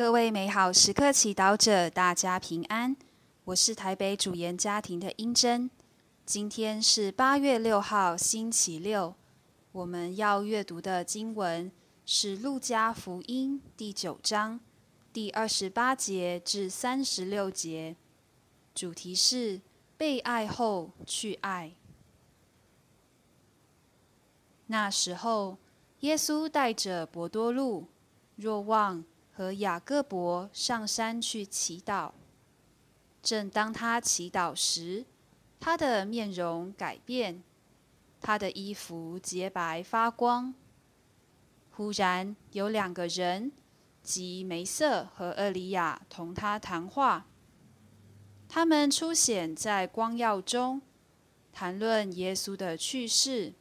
各位美好時刻祈禱者，大家平安。我是台北主研家庭的英珍。今天是八月六號，星期六。我們要閱讀的經文是《路加福音》第九章第二十八節至三十六節，主題是被愛後去愛。那時候，耶穌帶着伯多祿、若望。和雅各伯上山去祈禱。正當他祈禱時，他的面容改變，他的衣服潔白發光。忽然有兩個人，即梅瑟和厄里亞，同他談話。他們出現在光耀中，談論耶穌的去世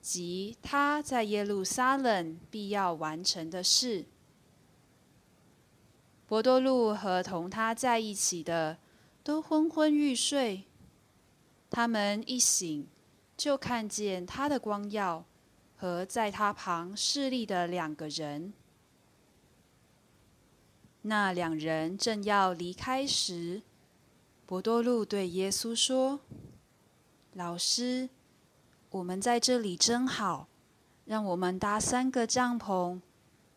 及他在耶路撒冷必要完成的事。伯多祿和同他在一起的都昏昏欲睡。他們一醒，就看見他的光耀和在他旁侍立的兩個人。那兩人正要離開時，伯多祿對耶穌說：“老師，我們在這裡真好，讓我們搭三個帳篷，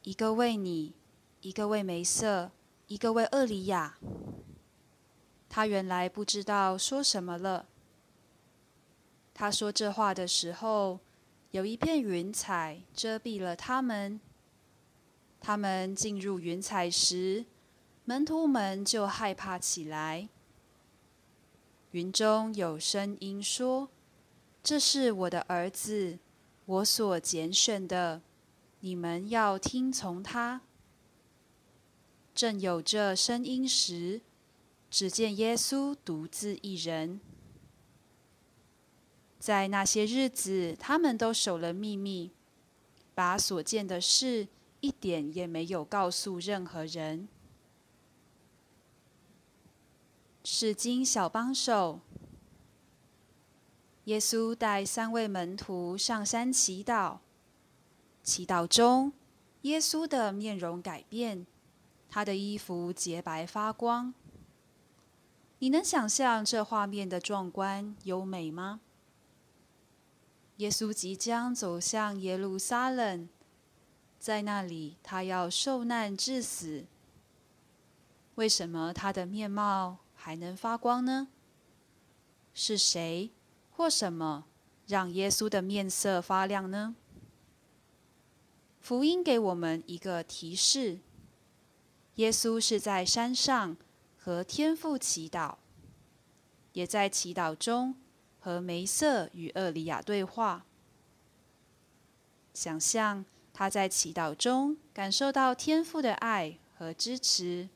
一個為你，一個為梅瑟。”一個為厄里亞，他原來不知道說什麼了。他說這話的時候，有一片雲彩遮蔽了他們。他們進入雲彩時，門徒們就害怕起來。雲中有聲音說：“這是我的兒子，我所揀選的，你們要聽從他。”正有這聲音時，只見耶穌獨自一人。在那些日子，他們都守了秘密，把所見的事一點也沒有告訴任何人。釋經小幫手，耶穌帶三位門徒上山祈禱。祈禱中，耶穌的面容改變。他的衣服潔白發光，你能想象這畫面的壯觀優美嗎？耶穌即將走向耶路撒冷，在那裡他要受難致死。為什麼他的面貌還能發光呢？是誰或什麼讓耶穌的面色發亮呢？福音給我們一個提示。耶穌是在山上和天父祈禱，也在祈禱中和梅瑟與厄里亞對話。想象他在祈禱中感受到天父的愛和支持，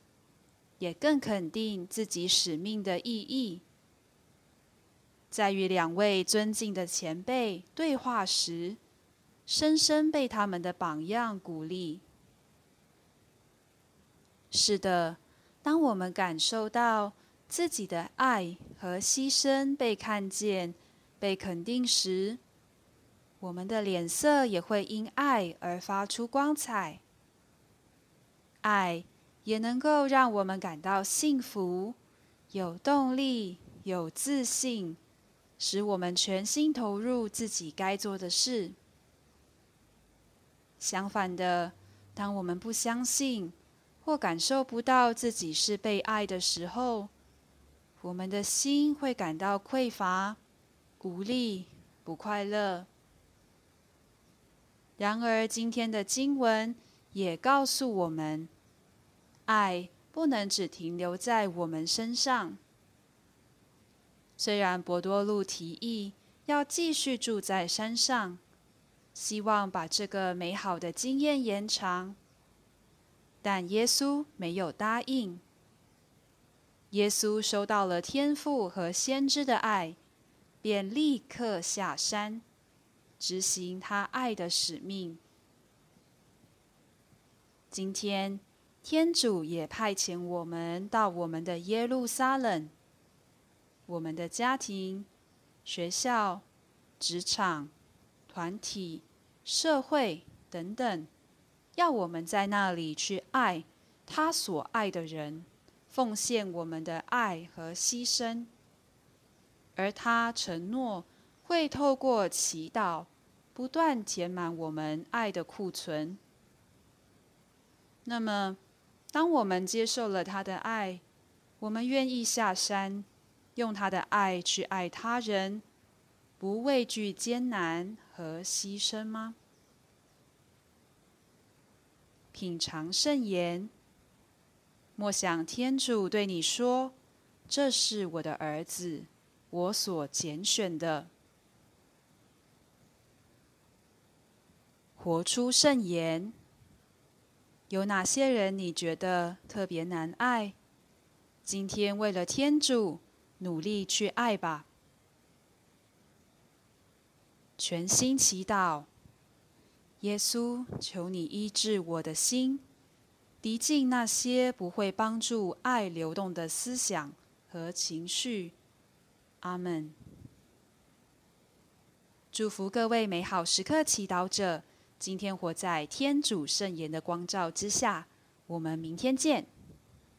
也更肯定自己使命的意義。在與兩位尊敬的前輩對話時，深深被他們的榜樣鼓勵。是的，當我們感受到自己的愛和犧牲被看見、被肯定時，我們的臉色也會因愛而發出光彩。愛也能夠讓我們感到幸福、有動力、有自信，使我們全心投入自己該做的事。相反的，當我們不相信，或感受不到自己是被愛的時候，我們的心會感到匱乏、無力、不快樂。然而，今天的經文也告訴我們，愛不能只停留在我們身上。雖然伯多祿提議要繼續住在山上，希望把這個美好的經驗延長。但耶穌沒有答應。耶穌收到了天父和先知的愛，便立刻下山，執行他愛的使命。今天，天主也派遣我們到我們的耶路撒冷、我們的家庭、學校、職場、團體、社會等等。要我們在那裡去愛他所愛的人，奉獻我們的愛和犧牲。而他承諾會透過祈禱不斷填滿我們愛的庫存。那麼，當我們接受了他的愛，我們願意下山，用他的愛去愛他人，不畏懼艱難和犧牲嗎？品嘗聖言，默想天主對你說：“這是我的兒子，我所揀選的。”活出聖言。有哪些人你覺得特別難愛？今天為了天主，努力去愛吧。全心祈禱。耶穌，求你醫治我的心，滌淨那些不會幫助愛流動的思想和情緒。阿門。祝福各位美好時刻祈禱者，今天活在天主聖言的光照之下，我們明天見。